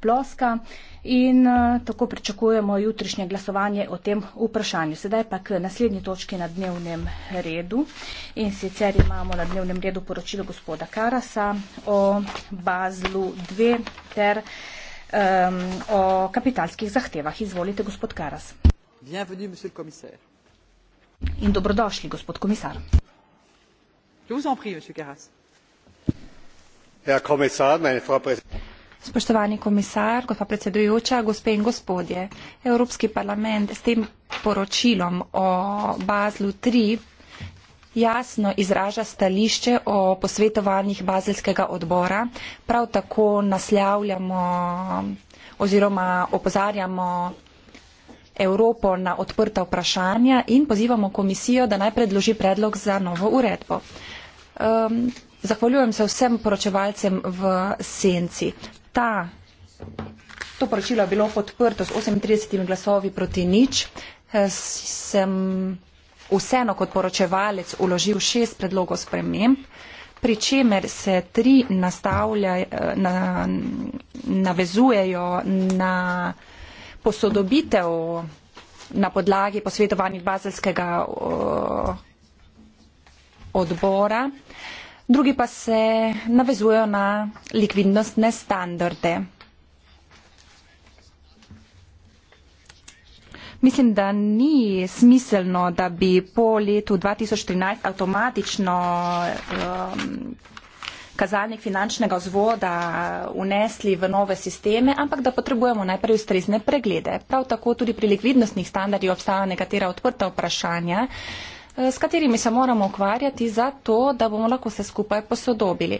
ploska in eh, tako pričakujemo jutrišnje glasovanje o tem vprašanju. Sedaj pa k naslednji točki na dnevnem redu in sicer imamo na dnevnem redu poročilo gospoda Karasa o Bazlu 2 ter um, o kapitalskih zahtevah. Izvolite, gospod Karas. In dobrodošli, gospod komisar. Ja, komisar, meni, Spoštovani komisar, gospa predsedujoča, gospe in gospodje, Evropski parlament s tem poročilom o Bazlu 3 jasno izraža stališče o posvetovanjih Bazelskega odbora. Prav tako naslavljamo oziroma opozarjamo Evropo na odprta vprašanja in pozivamo komisijo, da naj predloži predlog za novo uredbo. Um, Zahvaljujem se vsem poročevalcem v senci ta, to poročilo je bilo podprto s 38 glasovi proti nič. Eh, sem vseeno kot poročevalec uložil šest predlogov sprememb, pri čemer se tri nastavlja, eh, na, navezujejo na posodobitev na podlagi posvetovanih bazelskega odbora drugi pa se navezujejo na likvidnostne standarde. Mislim, da ni smiselno, da bi po letu 2013 avtomatično um, kazalnik finančnega vzvoda unesli v nove sisteme, ampak da potrebujemo najprej ustrezne preglede. Prav tako tudi pri likvidnostnih standardih obstajajo nekatera odprta vprašanja. Uh, s katerimi se moramo ukvarjati za to, da bomo lahko se skupaj posodobili.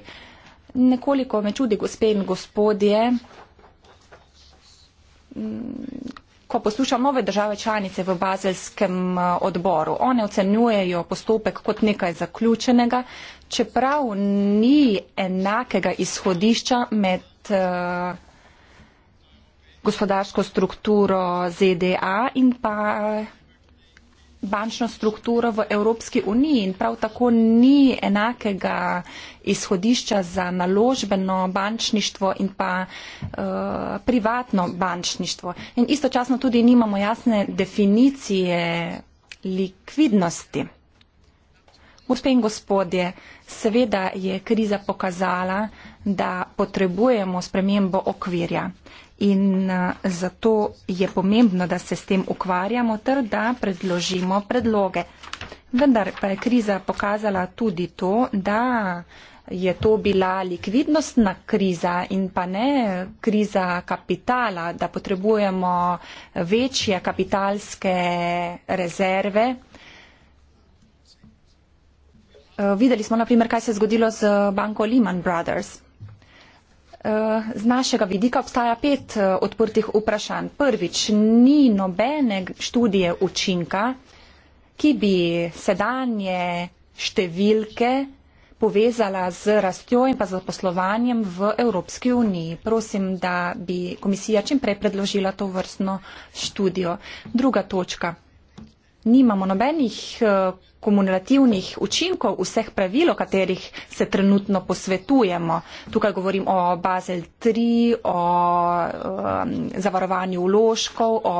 Nekoliko me čudi, gospe in gospodje, ko poslušam nove države članice v bazelskem eh, odboru. One ocenjujejo postopek kot nekaj zaključenega, čeprav ni enakega izhodišča med eh, gospodarsko strukturo ZDA in pa bančno strukturo v Evropski uniji in prav tako ni enakega izhodišča za naložbeno bančništvo in pa uh, privatno bančništvo. In istočasno tudi nimamo jasne definicije likvidnosti. Gospe in gospodje, seveda je kriza pokazala, da potrebujemo spremembo okvirja in eh, zato je pomembno, da se s tem ukvarjamo ter da predložimo predloge. Vendar pa je kriza pokazala tudi to, da je to bila likvidnostna kriza in pa ne kriza kapitala, da potrebujemo večje kapitalske rezerve. Eh, videli smo naprimer, kaj se je zgodilo z banko Lehman Brothers. Eh, z našega vidika obstaja pet eh, odprtih vprašanj. Prvič, ni nobene študije učinka, ki bi sedanje številke povezala z rastjo in pa zaposlovanjem v Evropski uniji. Prosim, da bi komisija čimprej predložila to vrstno študijo. Druga točka. Nimamo nobenih eh, kumulativnih učinkov vseh pravil, o katerih se trenutno posvetujemo. Tukaj govorim o Basel 3, o um, zavarovanju vložkov, o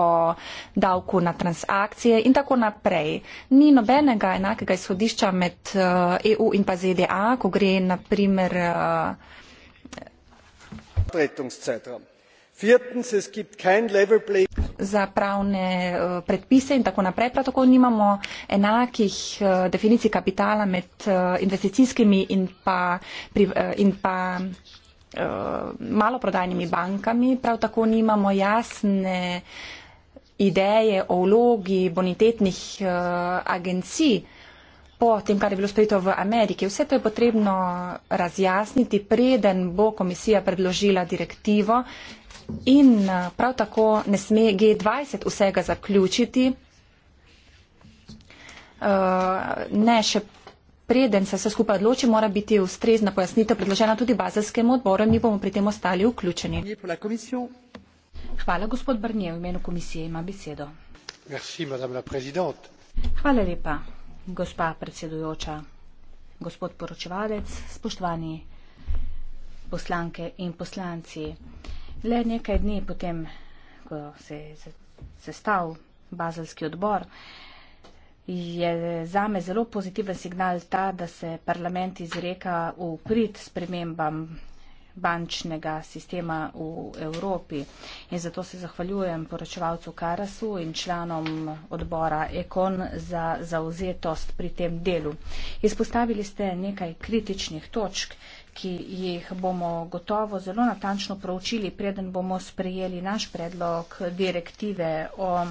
davku na transakcije in tako naprej. Ni nobenega enakega izhodišča med uh, EU in pa ZDA, ko gre naprimer. Uh, za pravne eh, predpise in tako naprej. Prav tako nimamo enakih eh, definicij kapitala med eh, investicijskimi in pa, in pa maloprodajnimi bankami. Prav tako nimamo jasne ideje o vlogi bonitetnih agencij po tem, kar je bilo sprejeto v Ameriki. Vse to je potrebno razjasniti, preden bo komisija predložila direktivo, In eh, prav tako ne sme G20 vsega zaključiti, eh, ne še preden se vse skupaj odloči, mora biti ustrezna pojasnitev predložena tudi bazelskemu odboru in mi bomo pri tem ostali vključeni. Hvala, gospod Brnje, v imenu komisije ima besedo. Merci, Hvala lepa, gospa predsedujoča, gospod poročevalec, spoštovani poslanke in poslanci. Le nekaj dni potem, ko se je sestavil bazalski odbor, je za me zelo pozitiven signal ta, da se parlament izreka v prid spremembam bančnega sistema v Evropi. In zato se zahvaljujem poročevalcu Karasu in članom odbora Ekon za zauzetost pri tem delu. Izpostavili ste nekaj kritičnih točk ki jih bomo gotovo zelo natančno proučili, preden bomo sprejeli naš predlog direktive o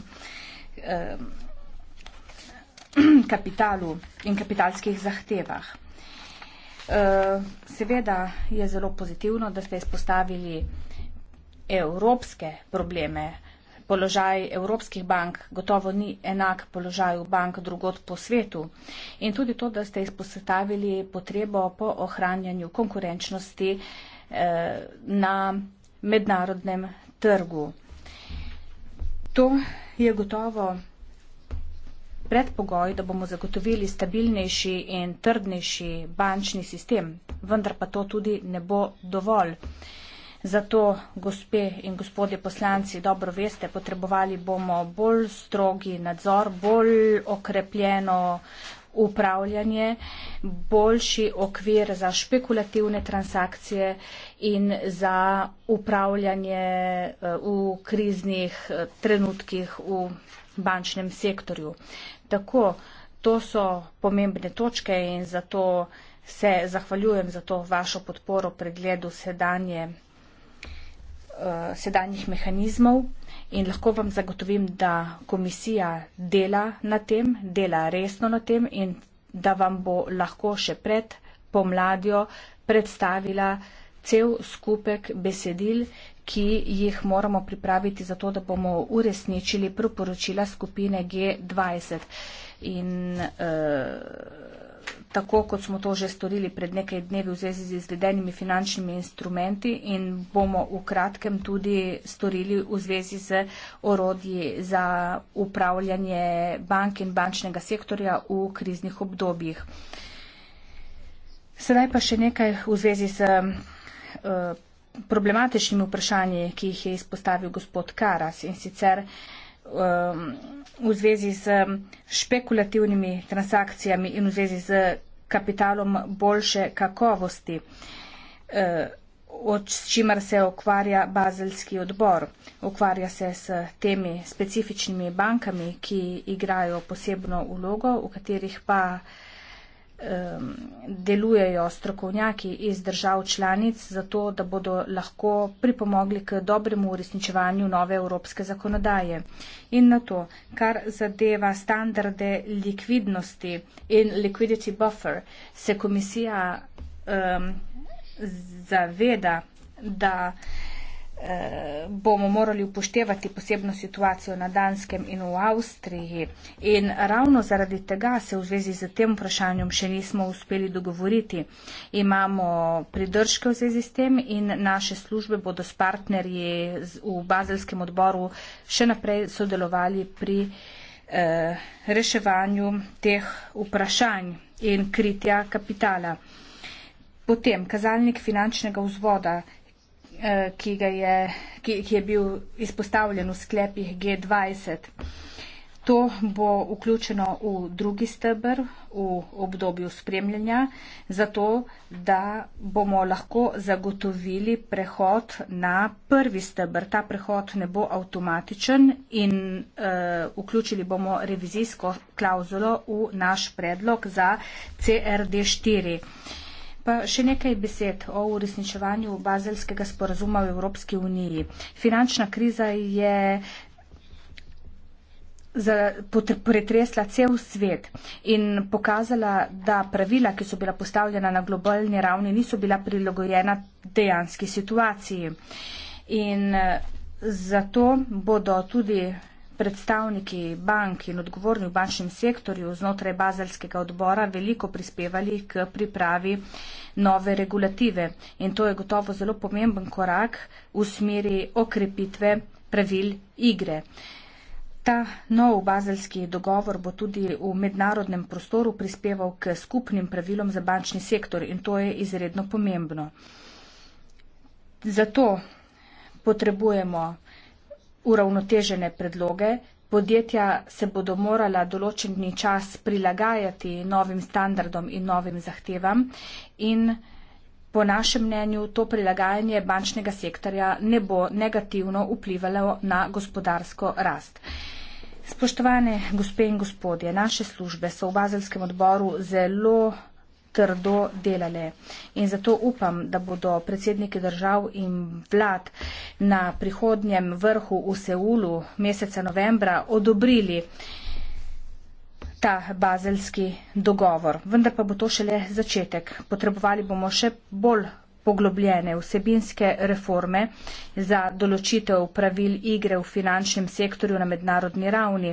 kapitalu in kapitalskih zahtevah. E, seveda je zelo pozitivno, da ste izpostavili evropske probleme položaj evropskih bank gotovo ni enak položaju bank drugot po svetu. In tudi to, da ste izpostavili potrebo po ohranjanju konkurenčnosti eh, na mednarodnem trgu. To je gotovo predpogoj, da bomo zagotovili stabilnejši in trdnejši bančni sistem, vendar pa to tudi ne bo dovolj. Zato, gospe in gospodje poslanci, dobro veste, potrebovali bomo bolj strogi nadzor, bolj okrepljeno upravljanje, boljši okvir za špekulativne transakcije in za upravljanje eh, v kriznih eh, trenutkih v bančnem sektorju. Tako, to so pomembne točke in zato se zahvaljujem za to vašo podporo pregledu sedanje uh, sedanjih mehanizmov in lahko vam zagotovim, da komisija dela na tem, dela resno na tem in da vam bo lahko še pred pomladjo predstavila cel skupek besedil, ki jih moramo pripraviti za to, da bomo uresničili proporočila skupine G20. In, uh, tako kot smo to že storili pred nekaj dnevi v zvezi z izvedenimi finančnimi instrumenti in bomo v kratkem tudi storili v zvezi z orodji za upravljanje bank in bančnega sektorja v kriznih obdobjih. Sedaj pa še nekaj v zvezi s eh, problematičnimi vprašanji, ki jih je izpostavil gospod Karas in sicer. Um, v zvezi s špekulativnimi transakcijami in v zvezi s kapitalom boljše kakovosti, e, s čimer se ukvarja bazelski odbor. Ukvarja se s temi specifičnimi bankami, ki igrajo posebno vlogo, v katerih pa delujejo strokovnjaki iz držav članic, zato da bodo lahko pripomogli k dobremu uresničevanju nove evropske zakonodaje. In na to, kar zadeva standarde likvidnosti in liquidity buffer, se komisija um, zaveda, da Eh, bomo morali upoštevati posebno situacijo na Danskem in v Avstriji. In ravno zaradi tega se v zvezi z tem vprašanjem še nismo uspeli dogovoriti. Imamo pridržke v zvezi s tem in naše službe bodo s partnerji v bazelskem odboru še naprej sodelovali pri eh, reševanju teh vprašanj in kritja kapitala. Potem kazalnik finančnega vzvoda Eh, ki, je, ki, ki je bil izpostavljen v sklepih G20. To bo vključeno v drugi stebr v obdobju spremljanja, zato da bomo lahko zagotovili prehod na prvi stebr. Ta prehod ne bo avtomatičen in uh, vključili bomo revizijsko klauzulo v naš predlog za CRD4. Uh, Pa še nekaj besed o uresničevanju bazelskega sporazuma v Evropski uniji. Finančna kriza je pretresla cel svet in pokazala, da pravila, ki so bila postavljena na globalni ravni, niso bila prilagojena dejanski situaciji. In eh, zato bodo tudi predstavniki bank in odgovorni v bančnem sektorju znotraj bazalskega odbora veliko prispevali k pripravi nove regulative. In to je gotovo zelo pomemben korak v smeri okrepitve pravil igre. Ta nov bazelski dogovor bo tudi v mednarodnem prostoru prispeval k skupnim pravilom za bančni sektor in to je izredno pomembno. Zato potrebujemo uravnotežene predloge, podjetja se bodo morala določeni čas prilagajati novim standardom in novim zahtevam in po našem mnenju to prilagajanje bančnega sektorja ne bo negativno vplivalo na gospodarsko rast. Spoštovane gospe in gospodje, naše službe so v bazilskem odboru zelo trdo delale. In zato upam, da bodo predsedniki držav in vlad na prihodnjem vrhu v Seulu meseca novembra odobrili ta bazelski dogovor. Vendar pa bo to šele začetek. Potrebovali bomo še bolj poglobljene vsebinske reforme za določitev pravil igre v finančnem sektorju na mednarodni ravni.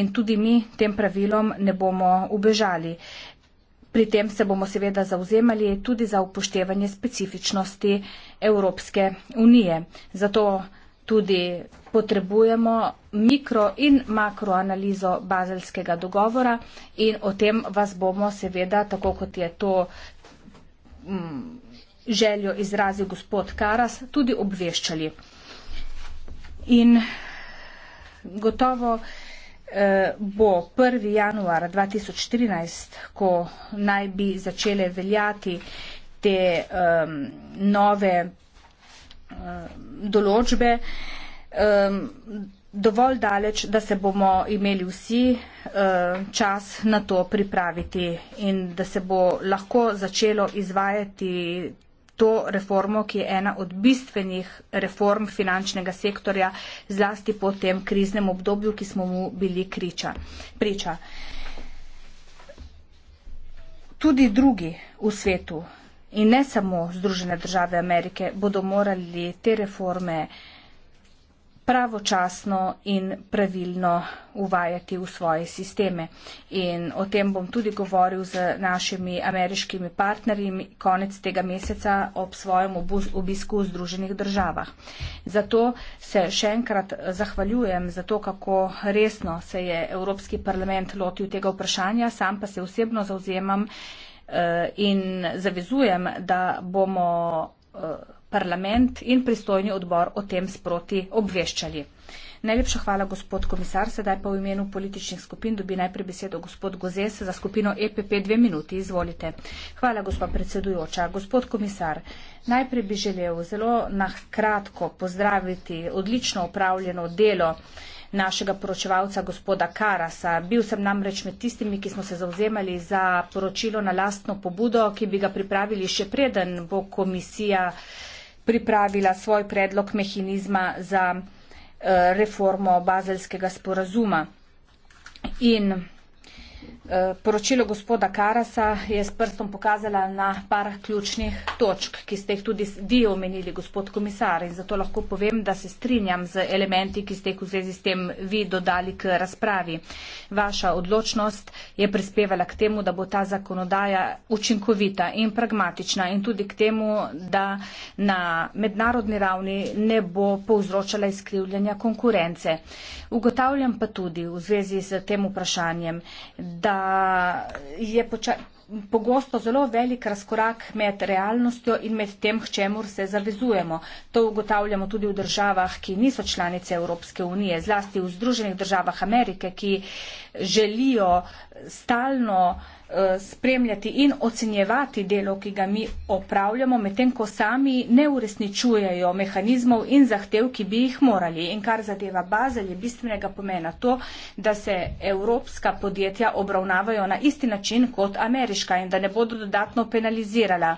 In tudi mi tem pravilom ne bomo ubežali. Pri tem se bomo seveda zauzemali tudi za upoštevanje specifičnosti Evropske unije. Zato tudi potrebujemo mikro in makro analizo bazelskega dogovora in o tem vas bomo seveda, tako kot je to m, mm, željo izrazil gospod Karas, tudi obveščali. In gotovo. Eh, bo 1. januar 2014, ko naj bi začele veljati te um, nove um, določbe, um, dovolj daleč, da se bomo imeli vsi um, čas na to pripraviti in da se bo lahko začelo izvajati to reformo, ki je ena od bistvenih reform finančnega sektorja, zlasti po tem kriznem obdobju, ki smo mu bili kriča, priča. Tudi drugi v svetu in ne samo Združene države Amerike bodo morali te reforme uh, pravočasno in pravilno uvajati v svoje sisteme. In o tem bom tudi govoril z našimi ameriškimi partnerji konec tega meseca ob svojem obisku v Združenih državah. Zato se še enkrat zahvaljujem za to, kako resno se je Evropski parlament lotil tega vprašanja, sam pa se osebno zauzemam eh, in zavezujem, da bomo eh, parlament in pristojni odbor o tem sproti obveščali. Najlepša hvala, gospod komisar. Sedaj pa v imenu političnih skupin dobi najprej besedo gospod Gozes za skupino EPP dve minuti. Izvolite. Hvala, gospa predsedujoča. Gospod komisar, najprej bi želel zelo nakratko pozdraviti odlično upravljeno delo našega poročevalca gospoda Karasa. Bil sem namreč med tistimi, ki smo se zauzemali za poročilo na lastno pobudo, ki bi ga pripravili še preden bo komisija pripravila svoj predlog mehanizma za eh, reformo bazelskega sporazuma. In Eh, poročilo gospoda Karasa je s prstom pokazala na par ključnih točk, ki ste jih tudi vi omenili, gospod komisar. In zato lahko povem, da se strinjam z elementi, ki ste jih v zvezi s tem vi dodali k razpravi. Vaša odločnost je prispevala k temu, da bo ta zakonodaja učinkovita in pragmatična in tudi k temu, da na mednarodni ravni ne bo povzročala izkrivljanja konkurence. Ugotavljam pa tudi v zvezi s tem vprašanjem, da Eh, je pogosto zelo velik razkorak med realnostjo in med tem, k čemur se zavezujemo. To ugotavljamo tudi v državah, ki niso članice Evropske unije, zlasti v Združenih državah Amerike, ki želijo stalno uh, Eh, spremljati in ocenjevati delo, ki ga mi opravljamo, medtem ko sami ne uresničujejo mehanizmov in zahtev, ki bi jih morali. In kar zadeva bazel, je bistvenega pomena to, da se evropska podjetja obravnavajo na isti način kot ameriška in da ne bodo dodatno penalizirala.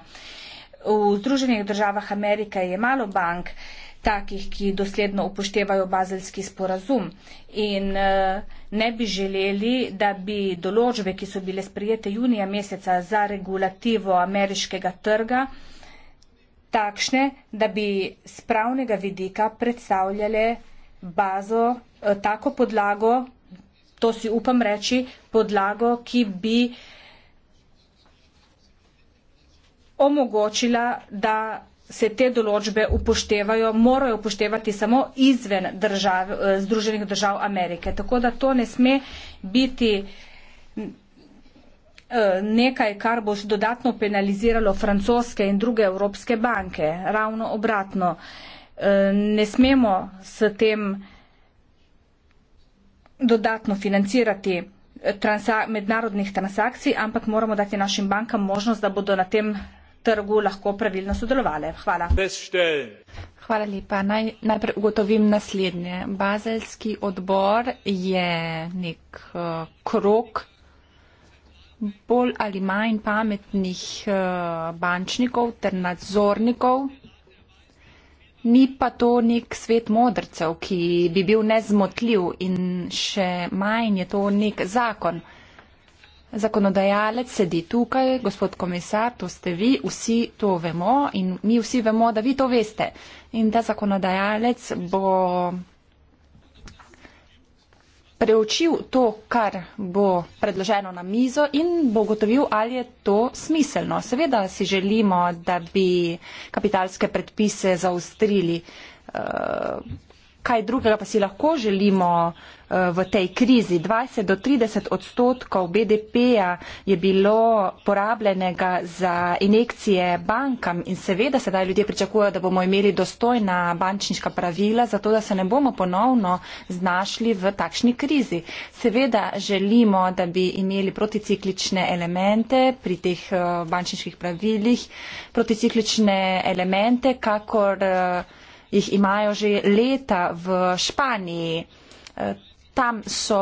V Združenih državah Amerike je malo bank, uh, takih, ki dosledno upoštevajo bazelski sporazum in eh, ne bi želeli, da bi določbe, ki so bile sprejete junija meseca za regulativo ameriškega trga, takšne, da bi z pravnega vidika predstavljale bazo, eh, tako podlago, to si upam reči, podlago, ki bi omogočila, da se te določbe upoštevajo, morajo upoštevati samo izven držav, eh, Združenih držav Amerike. Tako da to ne sme biti eh, nekaj, kar bo dodatno penaliziralo francoske in druge evropske banke. Ravno obratno, eh, ne smemo s tem dodatno financirati transa mednarodnih transakcij, ampak moramo dati našim bankam možnost, da bodo na tem trgu lahko pravilno sodelovale. Hvala. Hvala lepa. Naj, najprej ugotovim naslednje. Bazelski odbor je nek uh, eh, krok bolj ali manj pametnih uh, bančnikov ter nadzornikov. Ni pa to nek svet modrcev, ki bi bil nezmotljiv in še manj je to nek zakon. Uh, Zakonodajalec sedi tukaj, gospod komisar, to ste vi, vsi to vemo in mi vsi vemo, da vi to veste. In ta zakonodajalec bo preučil to, kar bo predloženo na mizo in bo gotovil, ali je to smiselno. Seveda si želimo, da bi kapitalske predpise zaustrili. Uh, eh, kaj drugega pa si lahko želimo eh, v tej krizi. 20 do 30 odstotkov BDP-ja je bilo porabljenega za injekcije bankam in seveda sedaj ljudje pričakujejo, da bomo imeli dostojna bančniška pravila, zato da se ne bomo ponovno znašli v takšni krizi. Seveda želimo, da bi imeli proticiklične elemente pri teh eh, bančniških pravilih, proticiklične elemente, kakor eh, jih imajo že leta v Španiji. E, tam so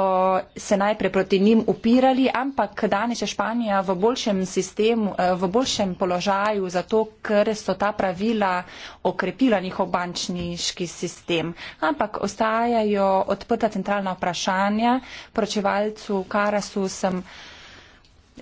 se najprej proti njim upirali, ampak danes je Španija v boljšem, sistemu, e, v boljšem položaju, zato ker so ta pravila okrepila njihov bančniški sistem. Ampak ostajajo odprta centralna vprašanja. Pročevalcu Karasu sem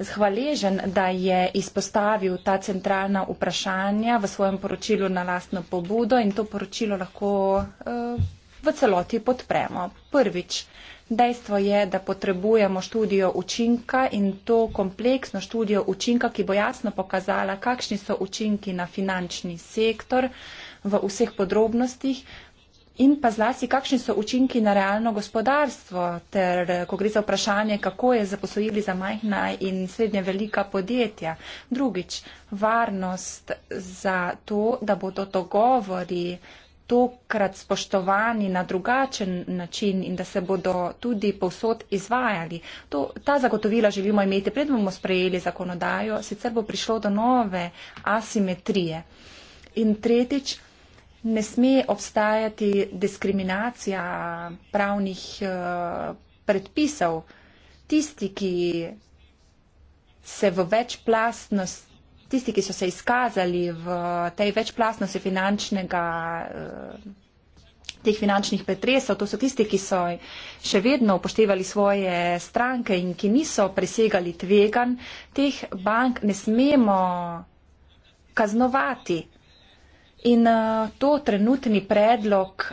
hvaležen, da je izpostavil ta centralna vprašanja v svojem poročilu na lastno pobudo in to poročilo lahko eh, v celoti podpremo. Prvič, dejstvo je, da potrebujemo študijo učinka in to kompleksno študijo učinka, ki bo jasno pokazala, kakšni so učinki na finančni sektor v vseh podrobnostih, In pa zlasti, kakšni so učinki na realno gospodarstvo, ter eh, ko gre za vprašanje, kako je za posojili za majhna in srednje velika podjetja. Drugič, varnost za to, da bodo dogovori tokrat spoštovani na drugačen način in da se bodo tudi povsod izvajali. To, ta zagotovila želimo imeti, pred bomo sprejeli zakonodajo, sicer bo prišlo do nove asimetrije. In tretjič, ne sme obstajati diskriminacija pravnih eh, predpisov. Tisti, ki se v večplastnost tisti, ki so se izkazali v tej večplastnosti finančnega, eh, teh finančnih pretresov, to so tisti, ki so še vedno upoštevali svoje stranke in ki niso presegali tvegan, teh bank ne smemo kaznovati. In eh, to trenutni predlog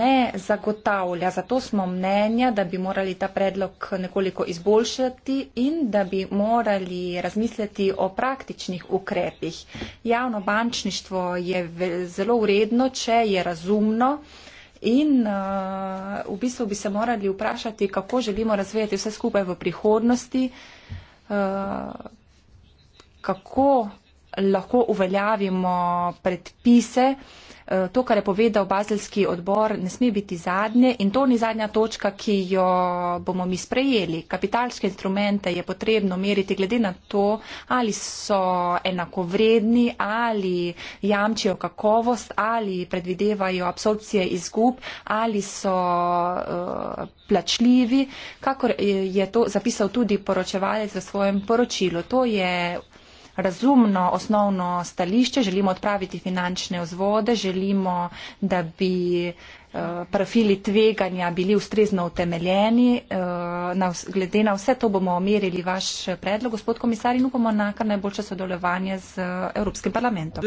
ne zagotavlja, zato smo mnenja, da bi morali ta predlog nekoliko izboljšati in da bi morali razmisliti o praktičnih ukrepih. Javno bančništvo je zelo uredno, če je razumno. In uh, v bistvu bi se morali vprašati, kako želimo razvijati vse skupaj v prihodnosti, uh, kako lahko uveljavimo predpise. Eh, to, kar je povedal bazelski odbor, ne sme biti zadnje in to ni zadnja točka, ki jo bomo mi sprejeli. Kapitalske instrumente je potrebno meriti glede na to, ali so enakovredni, ali jamčijo kakovost, ali predvidevajo absorpcije izgub, ali so uh, plačljivi, kakor je to zapisal tudi poročevalec v svojem poročilu. To je razumno osnovno stališče, želimo odpraviti finančne vzvode, želimo, da bi eh, profili tveganja bili ustrezno utemeljeni. Eh, glede na vse to bomo omerili vaš predlog, gospod komisar, in upamo na kar najboljše sodelovanje z eh, Evropskim parlamentom.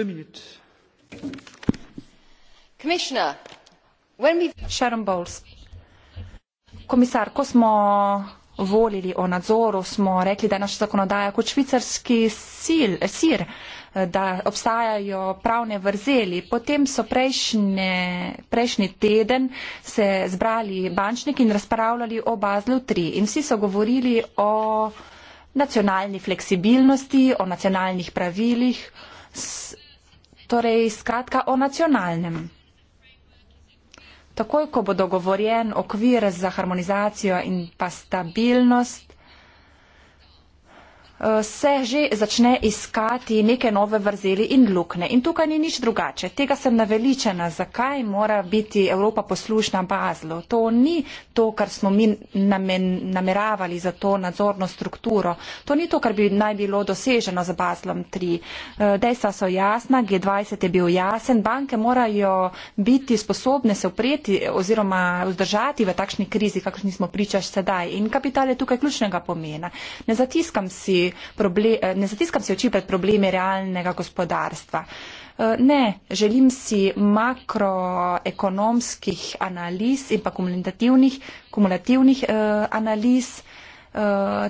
Sharon Bowles. Komisar, ko smo volili o nadzoru, smo rekli, da je naša zakonodaja kot švicarski sil, sir, da obstajajo pravne vrzeli. Potem so prejšnje, prejšnji teden se zbrali bančniki in razpravljali o Baslu 3 in vsi so govorili o nacionalni fleksibilnosti, o nacionalnih pravilih, s, torej skratka o nacionalnem takoj ko bo dogovorjen okvir za harmonizacijo in pa stabilnost Eh, se že začne iskati neke nove vrzeli in lukne. In tukaj ni nič drugače. Tega sem naveličena, zakaj mora biti Evropa poslušna bazlo. To ni to, kar smo mi namen, nameravali za to nadzorno strukturo. To ni to, kar bi naj bilo doseženo z bazlom 3. Eh, dejstva so jasna, G20 je bil jasen, banke morajo biti sposobne se opreti oziroma vzdržati v takšni krizi, kakšni smo pričaš sedaj. In kapital je tukaj ključnega pomena. Ne zatiskam si Eh, ne zatiskam si oči pred problemi realnega gospodarstva. Eh, ne, želim si makroekonomskih analiz in pa kumulativnih, kumulativnih eh, analiz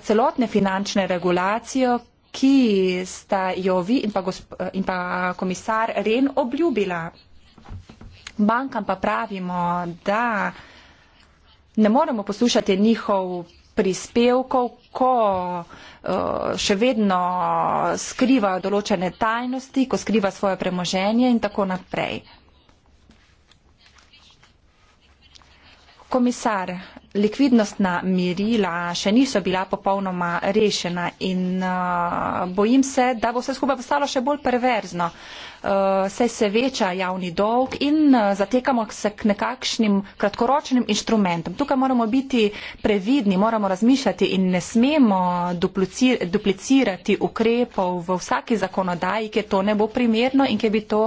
celotne finančne regulacije, ki sta jo vi in pa, gospo, in pa komisar Ren obljubila. Bankam pa pravimo, da ne moremo poslušati njihov prispevkov, ko eh, še vedno skriva določene tajnosti, ko skriva svoje premoženje in tako naprej. komisar, likvidnostna merila še niso bila popolnoma rešena in uh, bojim se, da bo vse skupaj postalo še bolj perverzno. Uh, se se veča javni dolg in uh, zatekamo se k nekakšnim kratkoročnim inštrumentom. Tukaj moramo biti previdni, moramo razmišljati in ne smemo duplici, duplicirati ukrepov v vsaki zakonodaji, ker to ne bo primerno in ker bi to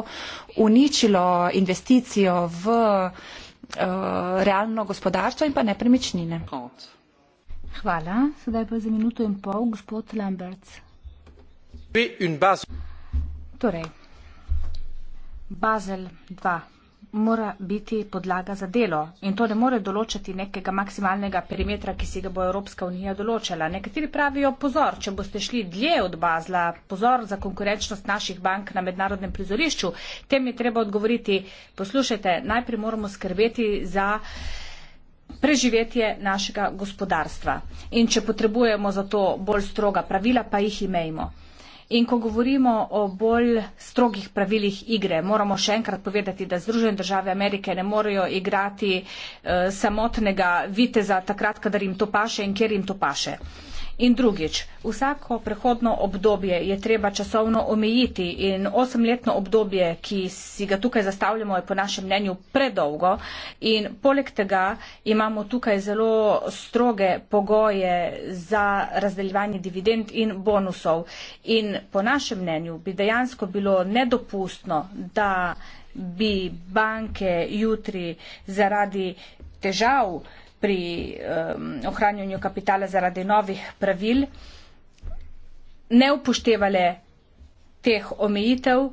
uničilo investicijo v. Uh, Eh, realno gospodarstvo in pa nepremičnine. Hvala. Sedaj pa za minuto in pol gospod Lamberts. Torej, Bazel 2 mora biti podlaga za delo in to ne more določati nekega maksimalnega perimetra, ki si ga bo Evropska unija določila. Nekateri pravijo pozor, če boste šli dlje od Bazla, pozor za konkurenčnost naših bank na mednarodnem prizorišču, tem je treba odgovoriti, poslušajte, najprej moramo skrbeti za preživetje našega gospodarstva in če potrebujemo za to bolj stroga pravila, pa jih imejmo. In ko govorimo o bolj strogih pravilih igre, moramo še enkrat povedati, da Združene države Amerike ne morejo igrati eh, samotnega viteza takrat, kadar jim to paše in kjer jim to paše. In drugič, vsako prehodno obdobje je treba časovno omejiti in osemletno obdobje, ki si ga tukaj zastavljamo, je po našem mnenju predolgo in poleg tega imamo tukaj zelo stroge pogoje za razdeljevanje dividend in bonusov. In po našem mnenju bi dejansko bilo nedopustno, da bi banke jutri zaradi težav, pri um, ohranjanju kapitala zaradi novih pravil ne upoštevale teh omejitev,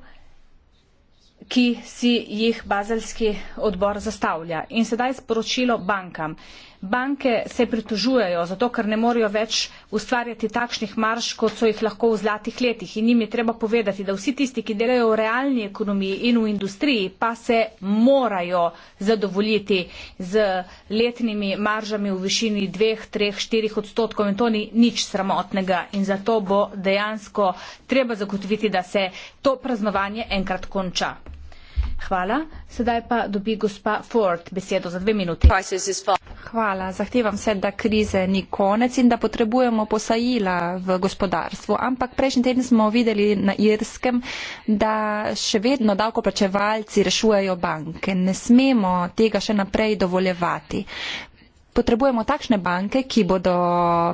ki si jih bazalski odbor zastavlja. In sedaj sporočilo bankam. Banke se pritožujejo, zato ker ne morejo več ustvarjati takšnih marš, kot so jih lahko v zlatih letih. In jim je treba povedati, da vsi tisti, ki delajo v realni ekonomiji in v industriji, pa se morajo zadovoljiti z letnimi maržami v višini 2, 3, 4 odstotkov. In to ni nič sramotnega. In zato bo dejansko treba zagotoviti, da se to praznovanje enkrat konča. Hvala. Sedaj pa dobi gospa Ford besedo za dve minuti. Hvala. Zahtevam se, da krize ni konec in da potrebujemo posajila v gospodarstvu. Ampak prejšnji teden smo videli na Irskem, da še vedno davkoplačevalci rešujejo banke. Ne smemo tega še naprej dovoljevati. Potrebujemo takšne banke, ki bodo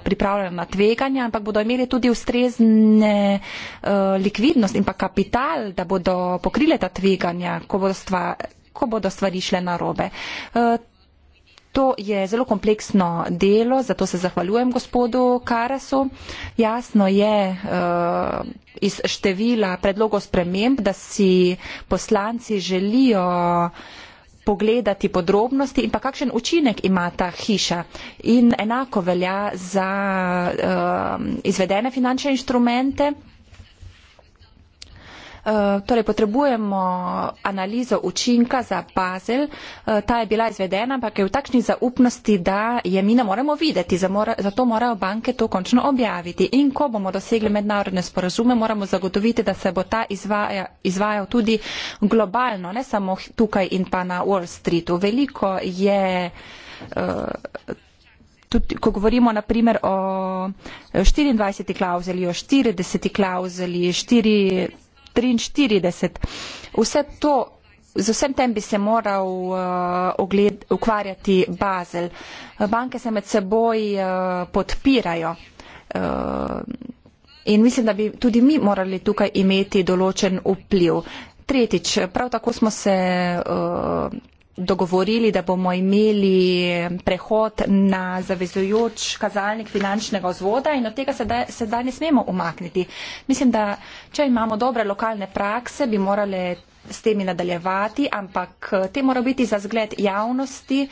pripravljene na tveganja, ampak bodo imeli tudi ustrezne uh, likvidnost in pa kapital, da bodo pokrile ta tveganja, ko bodo, stva, ko bodo stvari šle narobe. Uh, To je zelo kompleksno delo, zato se zahvaljujem gospodu Karasu. Jasno je uh, iz števila predlogov sprememb, da si poslanci želijo pogledati podrobnosti in pa kakšen učinek ima ta hiša. In enako velja za uh, izvedene finančne inštrumente. Eh, torej potrebujemo analizo učinka za Bazel, eh, ta je bila izvedena, ampak je v takšni zaupnosti, da je mi ne moremo videti, zato morajo banke to končno objaviti. In ko bomo dosegli mednarodne sporazume, moramo zagotoviti, da se bo ta izvaja, izvajal tudi globalno, ne samo tukaj in pa na Wall Streetu. Veliko je. Eh, tudi, ko govorimo naprimer o 24 klauzeli, o 40 klauzeli, 4 43. Vse to, z vsem tem bi se moral uh, ogled, ukvarjati Bazel. Banke se med seboj uh, podpirajo. Uh, In mislim, da bi tudi mi morali tukaj imeti določen vpliv. Tretjič, prav tako smo se uh, dogovorili, da bomo imeli prehod na zavezujoč kazalnik finančnega vzvoda in od tega se, da, se danes smemo umakniti. Mislim, da če imamo dobre lokalne prakse, bi morale s temi nadaljevati, ampak te morajo biti za zgled javnosti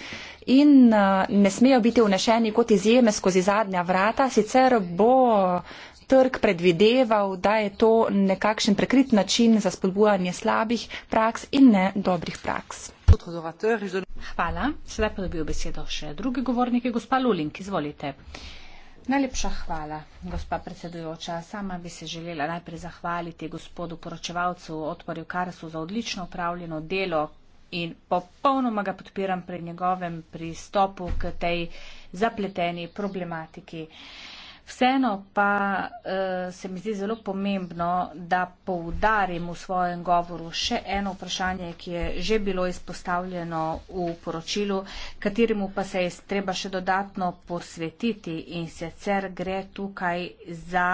in ne smejo biti unešeni kot izjeme skozi zadnja vrata, sicer bo trg predvideval, da je to nekakšen prekrit način za spodbujanje slabih praks in ne dobrih praks. Hvala, sedaj pa dobijo besedo še drugi govorniki, gospa Lulink, izvolite. Najlepša hvala, gospa predsedujoča. Sama bi se želela najprej zahvaliti gospodu poročevalcu odporju Karasu za odlično upravljeno delo in popolnoma ga podpiram pri njegovem pristopu k tej zapleteni problematiki. Uh, Vseeno pa uh, se mi zdi zelo pomembno, da poudarim v svojem govoru še eno vprašanje, ki je že bilo izpostavljeno v poročilu, kateremu pa se je treba še dodatno posvetiti in sicer gre tukaj za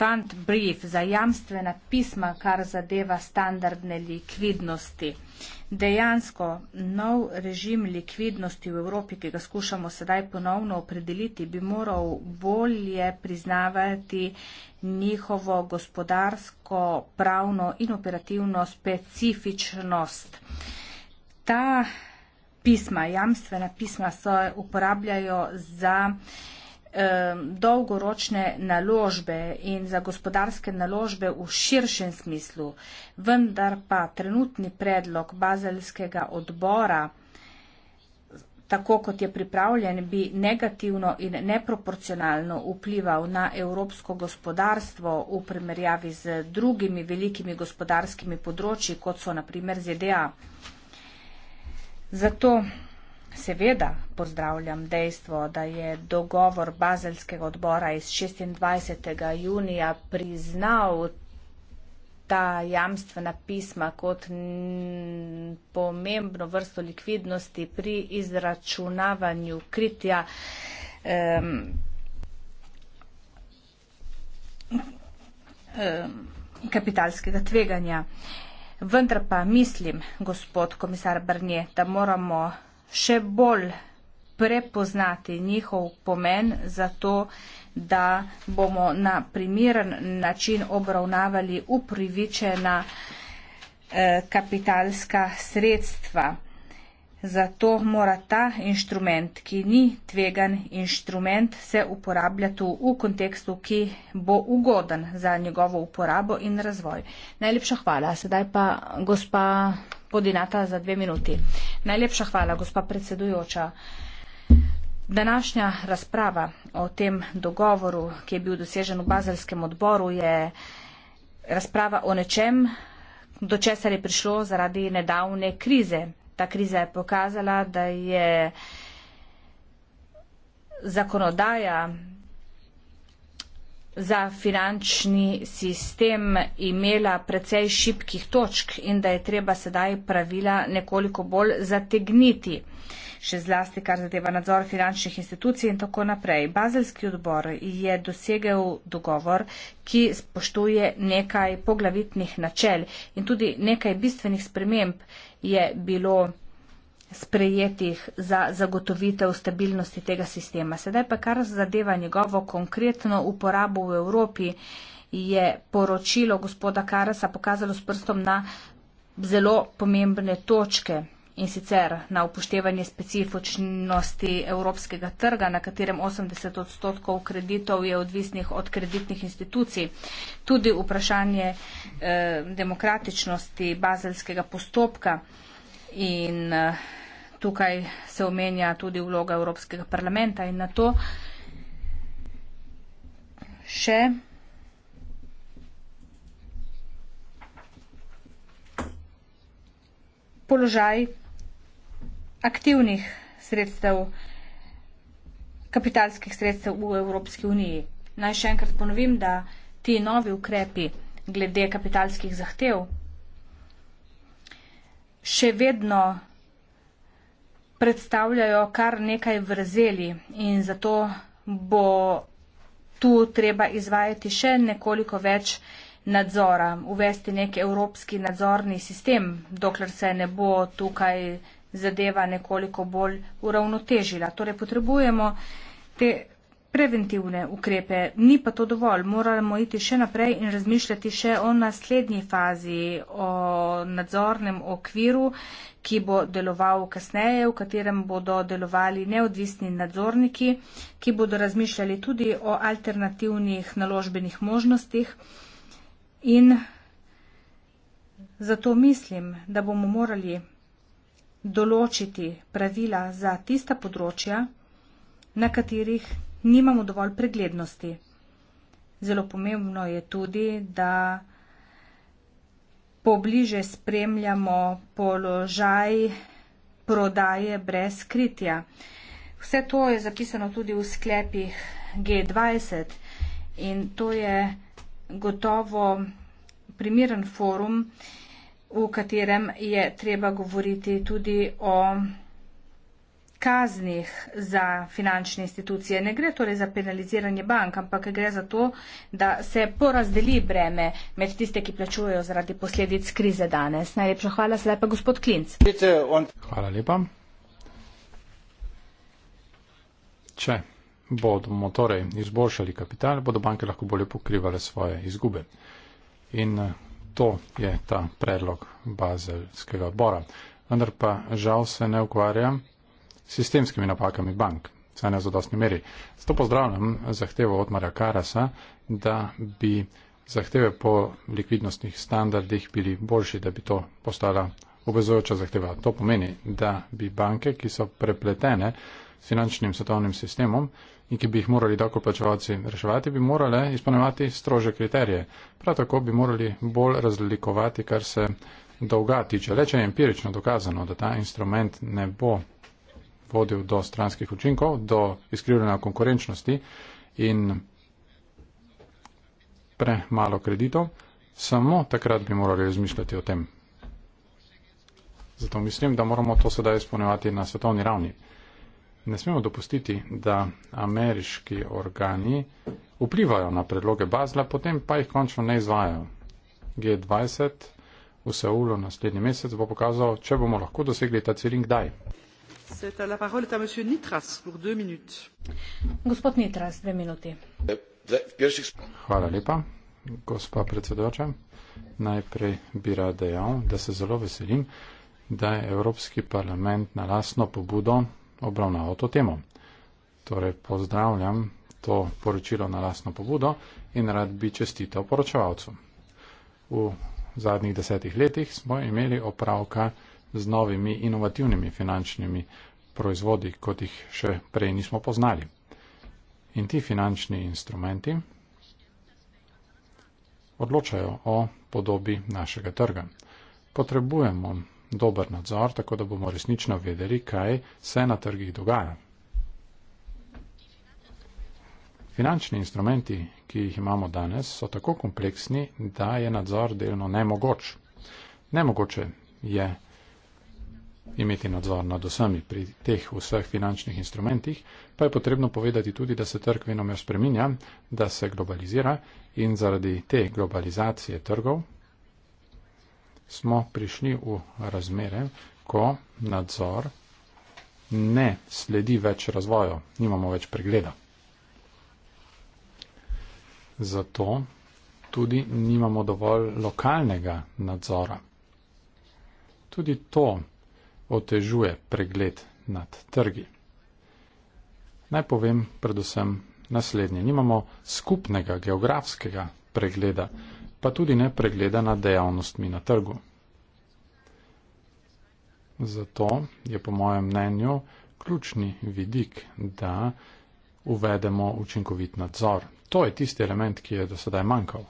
fund brief za jamstvena pisma, kar zadeva standardne likvidnosti. Dejansko nov režim likvidnosti v Evropi, ki ga skušamo sedaj ponovno opredeliti, bi moral bolje priznavati njihovo gospodarsko, pravno in operativno specifičnost. Ta pisma, jamstvena pisma se uporabljajo za dolgoročne naložbe in za gospodarske naložbe v širšem smislu. Vendar pa trenutni predlog bazelskega odbora, tako kot je pripravljen, bi negativno in neproporcionalno vplival na evropsko gospodarstvo v primerjavi z drugimi velikimi gospodarskimi področji, kot so naprimer ZDA. Zato Seveda pozdravljam dejstvo, da je dogovor bazelskega odbora iz 26. junija priznal ta jamstvena pisma kot pomembno vrsto likvidnosti pri izračunavanju kritja. Um, kapitalskega tveganja. Vendar pa mislim, gospod komisar Brnje, da moramo še bolj prepoznati njihov pomen za to, da bomo na primeren način obravnavali upravičena eh, kapitalska sredstva. Zato mora ta inštrument, ki ni tvegan inštrument, se uporabljati v kontekstu, ki bo ugoden za njegovo uporabo in razvoj. Najlepša hvala. Sedaj pa gospa Podinata za dve minuti. Najlepša hvala, gospa predsedujoča. Današnja razprava o tem dogovoru, ki je bil dosežen v bazalskem odboru, je razprava o nečem, do česar je prišlo zaradi nedavne krize. Ta kriza je pokazala, da je zakonodaja za finančni sistem imela precej šipkih točk in da je treba sedaj pravila nekoliko bolj zategniti, še zlasti kar zadeva nadzor finančnih institucij in tako naprej. Bazelski odbor je dosegel dogovor, ki spoštuje nekaj poglavitnih načel in tudi nekaj bistvenih sprememb je bilo sprejetih za zagotovitev stabilnosti tega sistema. Sedaj pa kar zadeva njegovo konkretno uporabo v Evropi, je poročilo gospoda Karasa pokazalo s prstom na zelo pomembne točke in sicer na upoštevanje specifičnosti evropskega trga, na katerem 80 odstotkov kreditov je odvisnih od kreditnih institucij. Tudi vprašanje eh, demokratičnosti bazelskega postopka in eh, tukaj se omenja tudi vloga Evropskega parlamenta in na to še. položaj aktivnih sredstev, kapitalskih sredstev v Evropski uniji. Naj še enkrat ponovim, da ti novi ukrepi glede kapitalskih zahtev še vedno predstavljajo kar nekaj vrzeli in zato bo tu treba izvajati še nekoliko več nadzora, uvesti nek evropski nadzorni sistem, dokler se ne bo tukaj zadeva nekoliko bolj uravnotežila. Torej potrebujemo te preventivne ukrepe, ni pa to dovolj. Moramo iti še naprej in razmišljati še o naslednji fazi, o nadzornem okviru, ki bo deloval kasneje, v katerem bodo delovali neodvisni nadzorniki, ki bodo razmišljali tudi o alternativnih naložbenih možnostih. In zato mislim, da bomo morali določiti pravila za tista področja, na katerih nimamo dovolj preglednosti. Zelo pomembno je tudi, da pobliže spremljamo položaj prodaje brez kritja. Vse to je zapisano tudi v sklepih G20 in to je gotovo primeren forum, v katerem je treba govoriti tudi o kaznih za finančne institucije. Ne gre torej za penaliziranje bank, ampak gre za to, da se porazdeli breme med tiste, ki plačujejo zaradi posledic krize danes. Najlepša hvala, sedaj pa gospod Klinc. Hvala lepa. Če bomo torej izboljšali kapital, bodo banke lahko bolje pokrivale svoje izgube. In eh, to je ta predlog bazelskega odbora. Vendar pa žal se ne ukvarjam sistemskimi napakami bank, vsaj ne v zadostni meri. Zato pozdravljam zahtevo od Marja Karasa, da bi zahteve po likvidnostnih standardih bili boljši, da bi to postala obvezujoča zahteva. To pomeni, da bi banke, ki so prepletene s finančnim svetovnim sistemom in ki bi jih morali dokoplačevalci reševati, bi morale izpolnjevati strože kriterije. Prav tako bi morali bolj razlikovati, kar se dolga tiče. Leče je empirično dokazano, da ta instrument ne bo vodil do stranskih učinkov, do izkrivljanja konkurenčnosti in premalo kreditov. Samo takrat bi morali razmišljati o tem. Zato mislim, da moramo to sedaj izpolnjevati na svetovni ravni. Ne smemo dopustiti, da ameriški organi vplivajo na predloge Bazla, potem pa jih končno ne izvajajo. G20 v Seulu naslednji mesec bo pokazal, če bomo lahko dosegli ta cilj in kdaj gospod nitras dve minuti. hvala lepa gospa predsedujoča najprej bi rad dejal da se zelo veselim da je evropski parlament na lastno pobudo obravnaval to temo torej pozdravljam to poročilo na lastno pobudo in rad bi čestital poročevalcu v zadnjih desetih letih smo imeli opravka z novimi inovativnimi finančnimi proizvodi, kot jih še prej nismo poznali. In ti finančni instrumenti odločajo o podobi našega trga. Potrebujemo dober nadzor, tako da bomo resnično vedeli, kaj se na trgih dogaja. Finančni instrumenti, ki jih imamo danes, so tako kompleksni, da je nadzor delno nemogoč. Nemogoče je imeti nadzor nad vsemi pri teh vseh finančnih instrumentih, pa je potrebno povedati tudi, da se trg venomer spreminja, da se globalizira in zaradi te globalizacije trgov smo prišli v razmere, ko nadzor ne sledi več razvoju, nimamo več pregleda. Zato tudi nimamo dovolj lokalnega nadzora. Tudi to otežuje pregled nad trgi. Naj povem predvsem naslednje. Nimamo skupnega geografskega pregleda, pa tudi ne pregleda nad dejavnostmi na trgu. Zato je po mojem mnenju ključni vidik, da uvedemo učinkovit nadzor. To je tisti element, ki je do sedaj manjkal.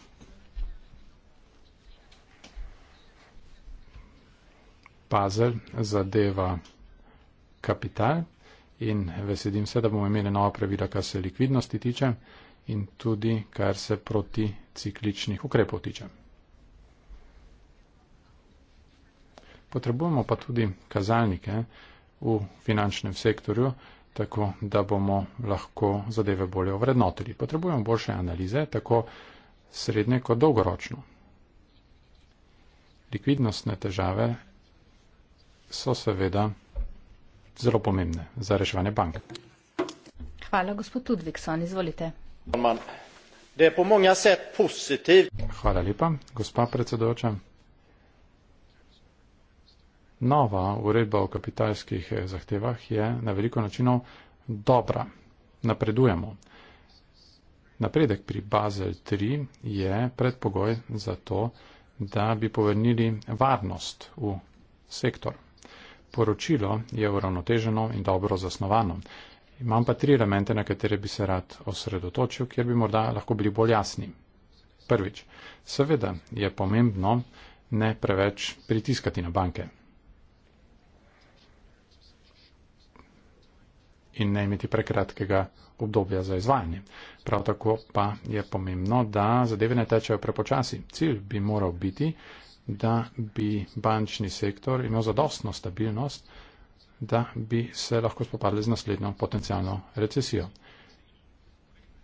puzzle zadeva kapital in veselim se, da bomo imeli nova pravila, kar se likvidnosti tiče in tudi kar se proti cikličnih ukrepov tiče. Potrebujemo pa tudi kazalnike v finančnem sektorju, tako da bomo lahko zadeve bolje ovrednotili. Potrebujemo boljše analize, tako srednje kot dolgoročno. Likvidnostne težave so seveda zelo pomembne za reševanje bank. Hvala, gospod Tudvikson, izvolite. Er Hvala lepa, gospa predsedoča. Nova uredba o kapitalskih eh, zahtevah je na veliko načinov dobra. Napredujemo. Napredek pri Basel III je predpogoj za to, da bi povrnili varnost v sektor poročilo je uravnoteženo in dobro zasnovano. Imam pa tri elemente, na katere bi se rad osredotočil, kjer bi morda lahko bili bolj jasni. Prvič, seveda je pomembno ne preveč pritiskati na banke in ne imeti prekratkega obdobja za izvajanje. Prav tako pa je pomembno, da zadeve ne tečejo prepočasi. Cilj bi moral biti, da bi bančni sektor imel zadostno stabilnost, da bi se lahko spopadli z naslednjo potencijalno recesijo.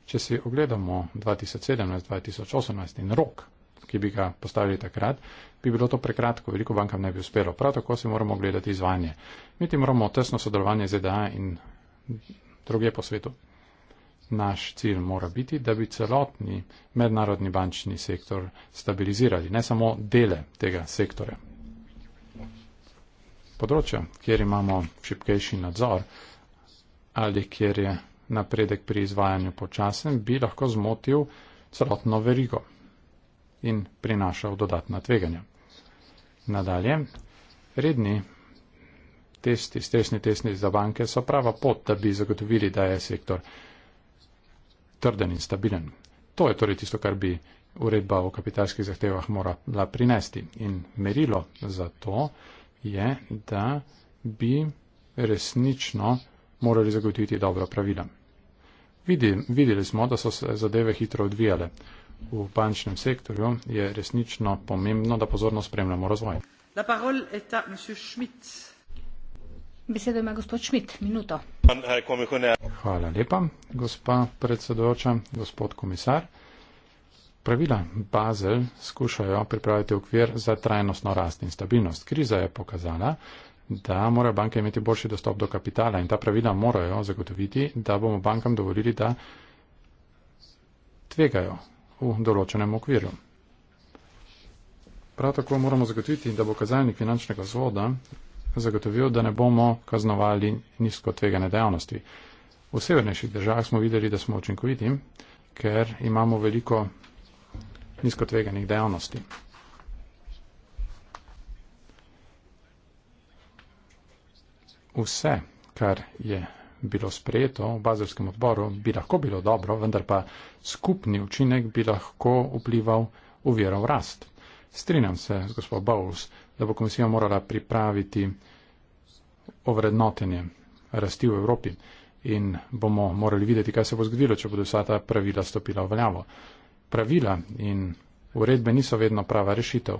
Če si ogledamo 2017-2018 in rok, ki bi ga postavili takrat, bi bilo to prekratko, veliko bankam ne bi uspelo. Prav tako si moramo ogledati izvajanje. Mi ti moramo tesno sodelovanje z EDA in druge po svetu naš cilj mora biti, da bi celotni mednarodni bančni sektor stabilizirali, ne samo dele tega sektorja. Področja, kjer imamo šipkejši nadzor ali kjer je napredek pri izvajanju počasen, bi lahko zmotil celotno verigo in prinašal dodatna tveganja. Nadalje, redni testi, stresni testi za banke so prava pot, da bi zagotovili, da je sektor trden in stabilen. To je torej tisto, kar bi uredba o kapitalskih zahtevah morala prinesti. In merilo za to je, da bi resnično morali zagotoviti dobra pravila. Videli, videli smo, da so se zadeve hitro odvijale. V bančnem sektorju je resnično pomembno, da pozorno spremljamo razvoj. La parole est à M. Schmidt. Besedo ima gospod Šmit, minuto. Hvala lepa, gospa predsedoča, gospod komisar. Pravila Bazel skušajo pripraviti okvir za trajnostno rast in stabilnost. Kriza je pokazala, da morajo banke imeti boljši dostop do kapitala in ta pravila morajo zagotoviti, da bomo bankam dovolili, da tvegajo v določenem okviru. Prav tako moramo zagotoviti, da bo kazalnik finančnega zvoda zagotovil, da ne bomo kaznovali nizko tvegane dejavnosti. V severnejših državah smo videli, da smo učinkoviti, ker imamo veliko nizko tveganih dejavnosti. Vse, kar je bilo sprejeto v bazilskem odboru, bi lahko bilo dobro, vendar pa skupni učinek bi lahko vplival v vero v rast. Strinjam se z gospod Bowles, da bo komisija morala pripraviti ovrednotenje rasti v Evropi in bomo morali videti, kaj se bo zgodilo, če bodo vsa ta pravila stopila v veljavo. Pravila in uredbe niso vedno prava rešitev.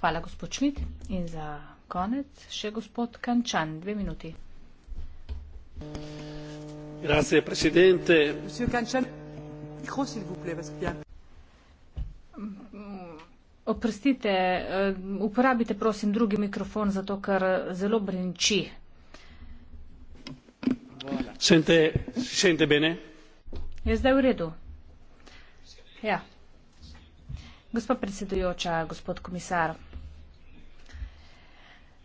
Hvala, gospod Šmit. In za konec še gospod Kančan. Dve minuti. Grazie, presidente. Monsieur Kančan, prosim, vas, prosim. Oprostite, eh, uporabite prosim drugi mikrofon, zato ker zelo brinči. Sente, sente bene? Je zdaj v redu? Ja. Gospod predsedujoča, gospod komisar,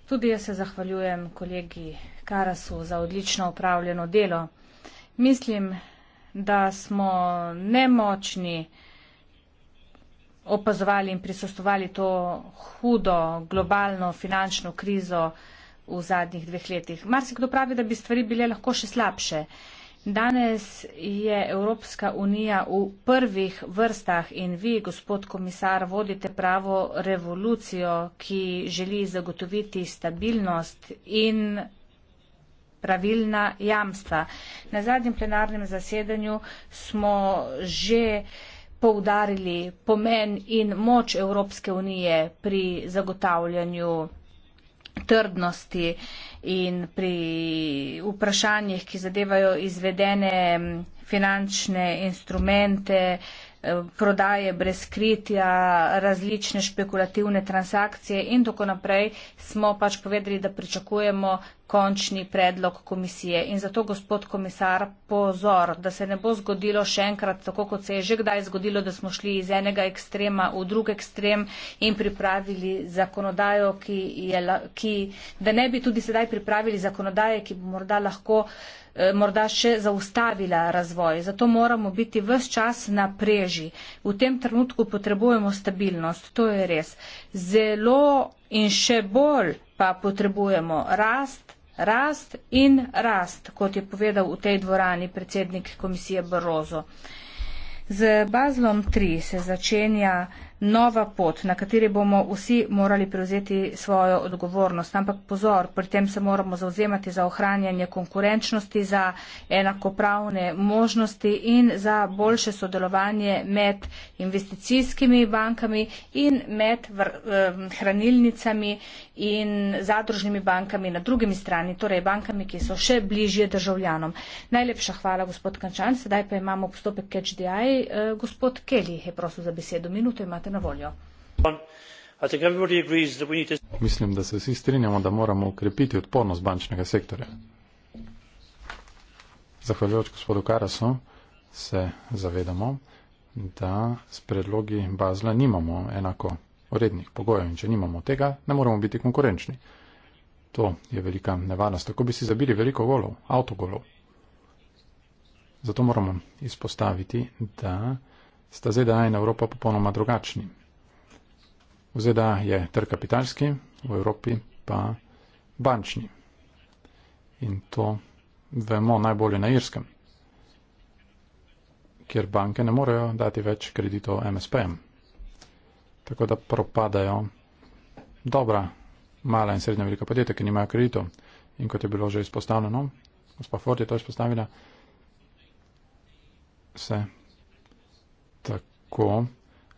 tudi jaz se zahvaljujem kolegi Karasu za odlično upravljeno delo. Mislim, da smo nemočni, da smo nemočni, opazovali in prisostovali to hudo globalno finančno krizo v zadnjih dveh letih. Marsikdo pravi, da bi stvari bile lahko še slabše. Danes je Evropska unija v prvih vrstah in vi, gospod komisar, vodite pravo revolucijo, ki želi zagotoviti stabilnost in pravilna jamstva. Na zadnjem plenarnem zasedanju smo že poudarili pomen in moč Evropske unije pri zagotavljanju trdnosti in pri vprašanjih, ki zadevajo izvedene finančne instrumente, e, prodaje brez kritja, različne špekulativne transakcije in tako naprej, smo pač povedali, da pričakujemo končni predlog komisije. In zato, gospod komisar, pozor, da se ne bo zgodilo še enkrat, tako kot se je že kdaj zgodilo, da smo šli iz enega ekstrema v drug ekstrem in pripravili zakonodajo, ki je, ki, da ne bi tudi sedaj pripravili zakonodaje, ki bi morda lahko eh, morda še zaustavila razvoj. Zato moramo biti vse čas na preži. V tem trenutku potrebujemo stabilnost, to je res. Zelo in še bolj pa potrebujemo rast, rast in rast, kot je povedal v tej dvorani predsednik komisije Barozo. Z bazlom 3 se začenja nova pot, na kateri bomo vsi morali prevzeti svojo odgovornost. Ampak pozor, pri tem se moramo zauzemati za ohranjanje konkurenčnosti, za enakopravne možnosti in za boljše sodelovanje med investicijskimi bankami in med eh, hranilnicami in zadružnimi bankami na drugimi strani, torej bankami, ki so še bližje državljanom. Najlepša hvala, gospod Kančan. Sedaj pa imamo postopek HDI. Eh, gospod Kelly je prosil za besedo. Minuto imate na voljo. Mislim, da se vsi strinjamo, da moramo ukrepiti odpornost bančnega sektorja. Zahvaljujoč gospodu Karasu se zavedamo, da s predlogi Bazla nimamo enako rednih pogojev in če nimamo tega, ne moremo biti konkurenčni. To je velika nevarnost, tako bi si zabili veliko golov, avtogolov. Zato moramo izpostaviti, da sta ZDA in Evropa popolnoma drugačni. V ZDA je trg kapitalski, v Evropi pa bančni. In to vemo najbolje na Irskem, kjer banke ne morejo dati več kreditov MSP-jem. -em tako da propadajo dobra, mala in srednja velika podjetja, ki nimajo kreditov. In kot je bilo že izpostavljeno, gospod Ford je to izpostavila, se tako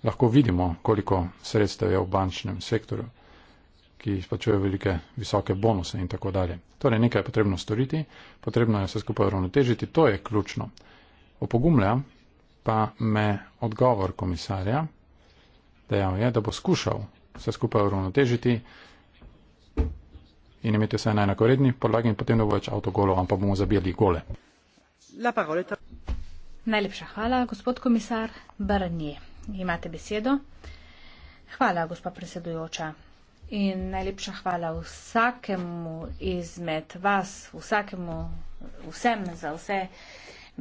lahko vidimo, koliko sredstev je v bančnem sektorju, ki izplačuje velike, visoke bonuse in tako dalje. Torej nekaj je potrebno storiti, potrebno je se skupaj ravnotežiti, to je ključno. Opogumlja pa me odgovor komisarja. Dejal je, da bo skušal vse skupaj uravnotežiti in imeti vse na enakovredni podlagi in potem ne bo več avto golo, ampak bomo zabijali gole. Najlepša hvala, gospod komisar Barnier. Imate besedo. Hvala, gospa predsedujoča. In najlepša hvala vsakemu izmed vas, vsakemu, vsem za vse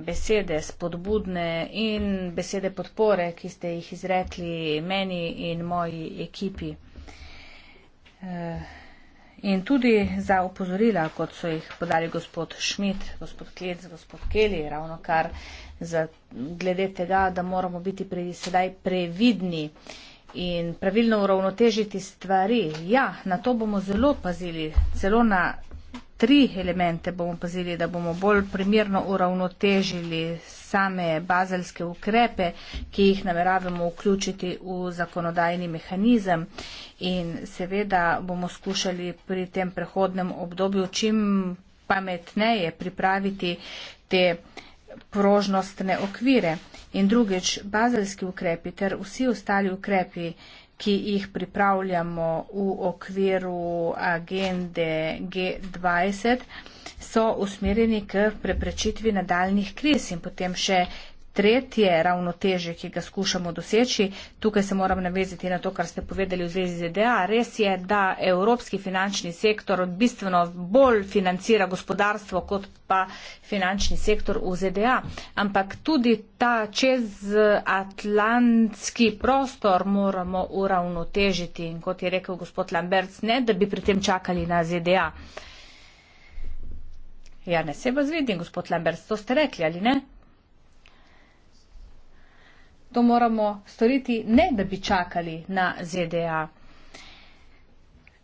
besede spodbudne in besede podpore, ki ste jih izrekli meni in moji ekipi. Eh, in tudi za opozorila, kot so jih podali gospod Šmit, gospod Klec, gospod Keli, ravno kar za, glede tega, da moramo biti pre, sedaj previdni in pravilno uravnotežiti stvari. Ja, na to bomo zelo pazili, celo na tri elemente bomo pazili, da bomo bolj primerno uravnotežili same bazelske ukrepe, ki jih nameravamo vključiti v zakonodajni mehanizem in seveda bomo skušali pri tem prehodnem obdobju čim pametneje pripraviti te prožnostne okvire. In drugič, bazelski ukrepi ter vsi ostali ukrepi ki jih pripravljamo v okviru agende G20, so usmerjeni k preprečitvi nadaljnih kriz in potem še tretje ravnotežje, ki ga skušamo doseči. Tukaj se moram navezati na to, kar ste povedali v zvezi z EDA. Res je, da evropski finančni sektor bistveno bolj financira gospodarstvo kot pa finančni sektor v ZDA. Ampak tudi ta čezatlantski prostor moramo uravnotežiti in kot je rekel gospod Lamberts, ne da bi pri tem čakali na ZDA. Ja, ne se vas vidim, gospod Lamberts, to ste rekli ali ne? to moramo storiti, ne da bi čakali na ZDA.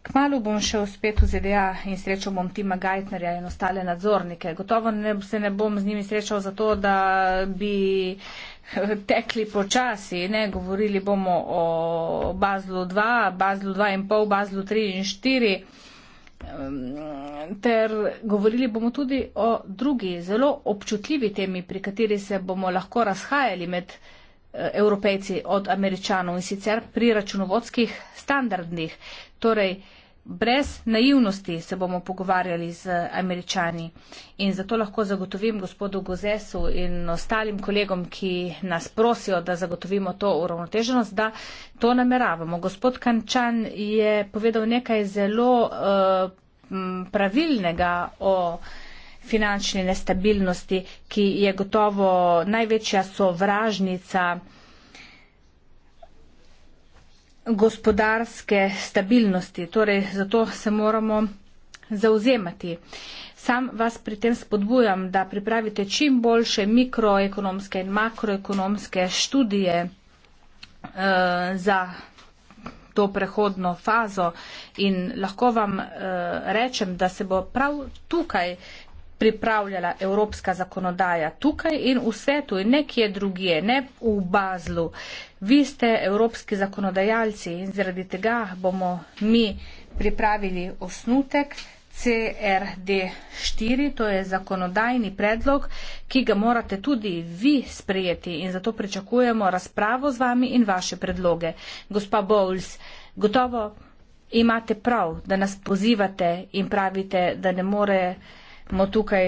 Kmalo bom šel spet v ZDA in srečal bom Tima Geitnerja in ostale nadzornike. Gotovo ne, se ne bom z njimi srečal zato, da bi tekli počasi. Ne, govorili bomo o bazlu 2, bazlu 2,5, bazlu 3 in 4. Ter govorili bomo tudi o drugi zelo občutljivi temi, pri kateri se bomo lahko razhajali med evropejci od američanov in sicer pri računovodskih standardnih. Torej, brez naivnosti se bomo pogovarjali z američani in zato lahko zagotovim gospodu Gozesu in ostalim kolegom, ki nas prosijo, da zagotovimo to uravnoteženost, da to nameravamo. Gospod Kančan je povedal nekaj zelo uh, pravilnega o finančne nestabilnosti, ki je gotovo največja sovražnica gospodarske stabilnosti. Torej, zato se moramo zauzemati. Sam vas pri tem spodbujam, da pripravite čim boljše mikroekonomske in makroekonomske študije eh, za to prehodno fazo in lahko vam eh, rečem, da se bo prav tukaj eh, pripravljala evropska zakonodaja tukaj in v svetu in nekje drugje, ne v Bazlu. Vi ste evropski zakonodajalci in zaradi tega bomo mi pripravili osnutek CRD4, to je zakonodajni predlog, ki ga morate tudi vi sprejeti in zato pričakujemo razpravo z vami in vaše predloge. Gospa Bowles, gotovo imate prav, da nas pozivate in pravite, da ne more smo tukaj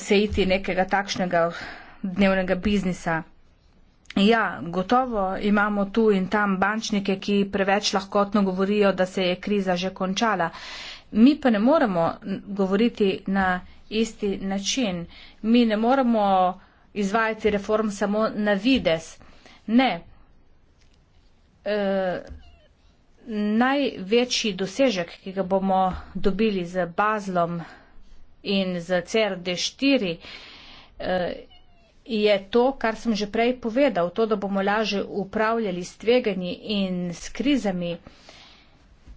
sejiti nekega takšnega dnevnega biznisa. Ja, gotovo imamo tu in tam bančnike, ki preveč lahkotno govorijo, da se je kriza že končala. Mi pa ne moremo govoriti na isti način. Mi ne moremo izvajati reform samo na vides. Ne. E, največji dosežek, ki ga bomo dobili z bazlom in za CRD4 eh, je to, kar sem že prej povedal, to, da bomo lažje upravljali s tveganji in s krizami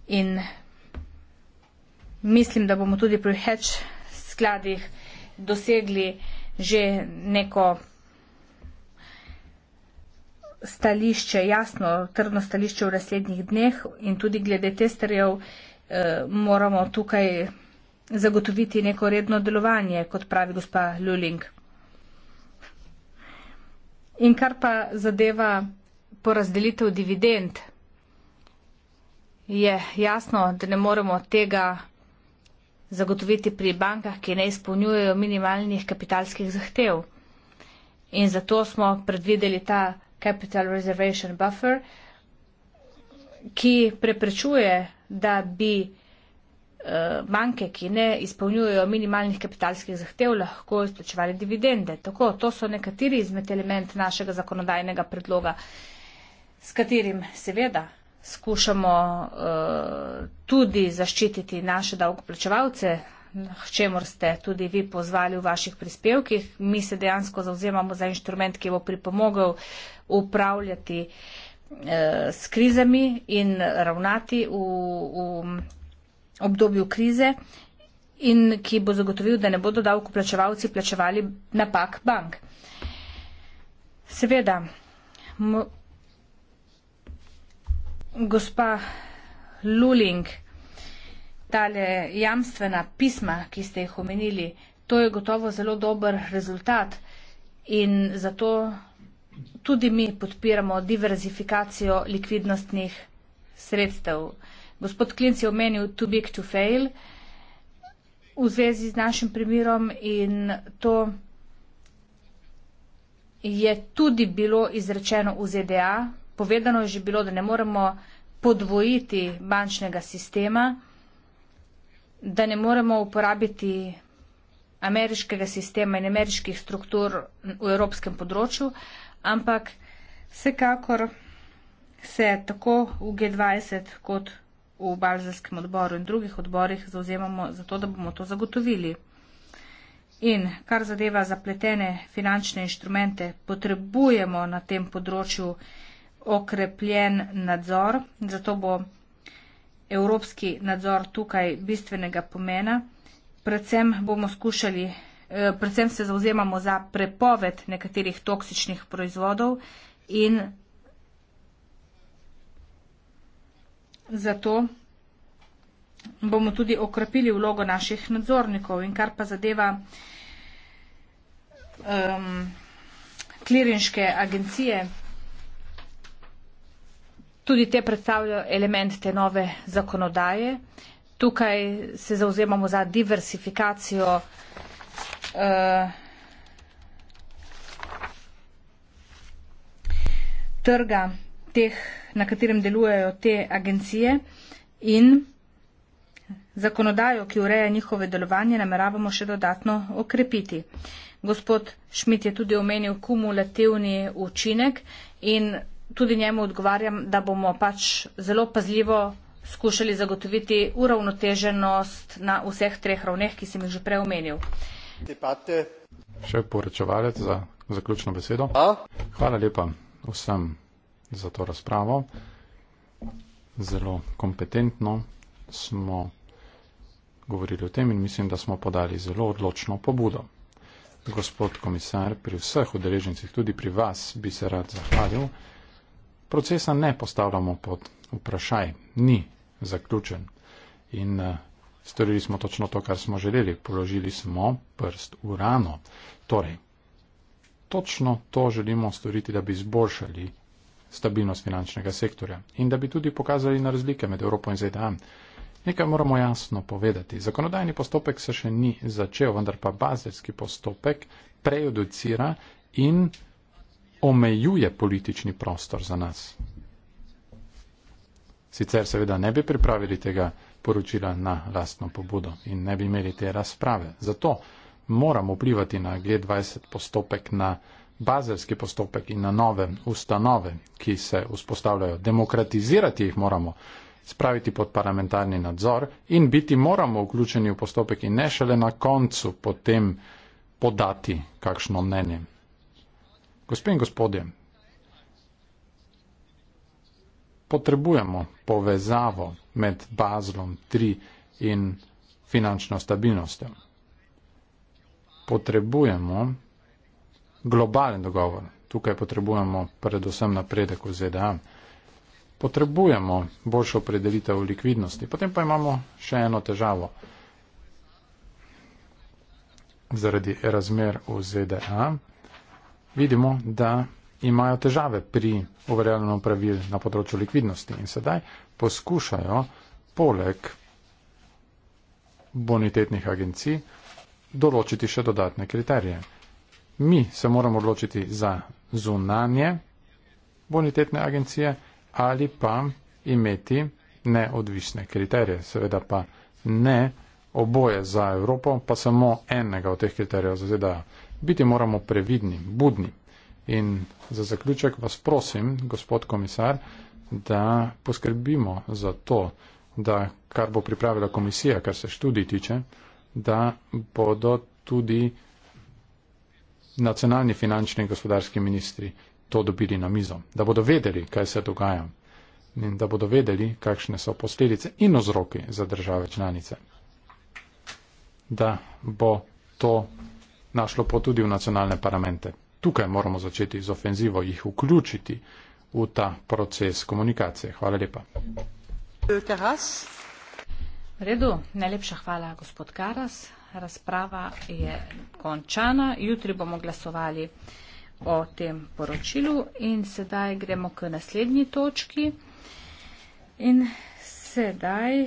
in mislim, da bomo tudi pri hedge skladih dosegli že neko stališče, jasno, trdno stališče v naslednjih dneh in tudi glede testerjev eh, moramo tukaj zagotoviti neko redno delovanje, kot pravi gospa Luling. In kar pa zadeva porazdelitev dividend, je jasno, da ne moremo tega zagotoviti pri bankah, ki ne izpolnjujejo minimalnih kapitalskih zahtev. In zato smo predvideli ta Capital Reservation Buffer, ki preprečuje, da bi Eh, banke, ki ne izpolnjujejo minimalnih kapitalskih zahtev, lahko izplačevali dividende. Tako, to so nekateri izmed element našega zakonodajnega predloga, s katerim seveda skušamo uh, tudi zaščititi naše davkoplačevalce, čemor ste tudi vi pozvali v vaših prispevkih. Mi se dejansko zauzemamo za inštrument, ki bo pripomogel upravljati uh, s krizami in ravnati v. v obdobju krize in ki bo zagotovil, da ne bodo davkoplačevalci plačevali napak bank. Seveda, gospa Luling, tale jamstvena pisma, ki ste jih omenili, to je gotovo zelo dober rezultat in zato tudi mi podpiramo diverzifikacijo likvidnostnih sredstev. Gospod Klinc je omenil too big to fail v zvezi z našim primerom in to je tudi bilo izrečeno v ZDA. Povedano je že bilo, da ne moremo podvojiti bančnega sistema, da ne moremo uporabiti ameriškega sistema in ameriških struktur v evropskem področju, ampak vsekakor se tako v G20 kot v v balzarskem odboru in drugih odborih zauzemamo za to, da bomo to zagotovili. In kar zadeva zapletene finančne inštrumente, potrebujemo na tem področju okrepljen nadzor, zato bo evropski nadzor tukaj bistvenega pomena. Predvsem bomo skušali, eh, predvsem se zauzemamo za prepoved nekaterih toksičnih proizvodov in zato bomo tudi okrepili vlogo naših nadzornikov in kar pa zadeva um, klirinške agencije, tudi te predstavljajo element te nove zakonodaje. Tukaj se zauzemamo za diversifikacijo uh, trga teh, na katerem delujejo te agencije in zakonodajo, ki ureja njihove delovanje, nameravamo še dodatno okrepiti. Gospod Šmit je tudi omenil kumulativni učinek in tudi njemu odgovarjam, da bomo pač zelo pazljivo skušali zagotoviti uravnoteženost na vseh treh ravneh, ki sem jih že prej omenil. Še poročevalec za zaključno besedo. Hvala lepa vsem za to razpravo. Zelo kompetentno smo govorili o tem in mislim, da smo podali zelo odločno pobudo. Gospod komisar, pri vseh udeležencih, tudi pri vas, bi se rad zahvalil. Procesa ne postavljamo pod vprašaj, ni zaključen. In eh, storili smo točno to, kar smo želeli. Položili smo prst v rano. Torej, točno to želimo storiti, da bi izboljšali stabilnost finančnega sektorja in da bi tudi pokazali na razlike med Evropo in ZDA. Nekaj moramo jasno povedati. Zakonodajni postopek se še ni začel, vendar pa bazelski postopek prejudicira in omejuje politični prostor za nas. Sicer seveda ne bi pripravili tega poročila na lastno pobudo in ne bi imeli te razprave. Zato moramo vplivati na G20 postopek na bazelski postopek in na nove ustanove, ki se vzpostavljajo. Demokratizirati jih moramo, spraviti pod parlamentarni nadzor in biti moramo vključeni v postopek in ne šele na koncu potem podati kakšno mnenje. Gospe in gospodje, potrebujemo povezavo med bazlom 3 in finančno stabilnostjo. Potrebujemo globalen dogovor. Tukaj potrebujemo predvsem napredek v ZDA. Potrebujemo boljšo predelitev likvidnosti. Potem pa imamo še eno težavo. Zaradi razmer v ZDA vidimo, da imajo težave pri uveljavljanju pravil na področju likvidnosti in sedaj poskušajo poleg bonitetnih agencij določiti še dodatne kriterije mi se moramo odločiti za zunanje bonitetne agencije ali pa imeti neodvisne kriterije. Seveda pa ne oboje za Evropo, pa samo enega od teh kriterijev za ZDA. Biti moramo previdni, budni. In za zaključek vas prosim, gospod komisar, da poskrbimo za to, da kar bo pripravila komisija, kar se študij tiče, da bodo tudi nacionalni finančni in gospodarski ministri to dobili na mizo, da bodo vedeli, kaj se dogaja in da bodo vedeli, kakšne so posledice in ozroki za države članice. Da bo to našlo pot tudi v nacionalne parlamente. Tukaj moramo začeti z ofenzivo, jih vključiti v ta proces komunikacije. Hvala lepa. Redu, najlepša hvala, gospod Karas razprava je končana. Jutri bomo glasovali o tem poročilu in sedaj gremo k naslednji točki. In sedaj.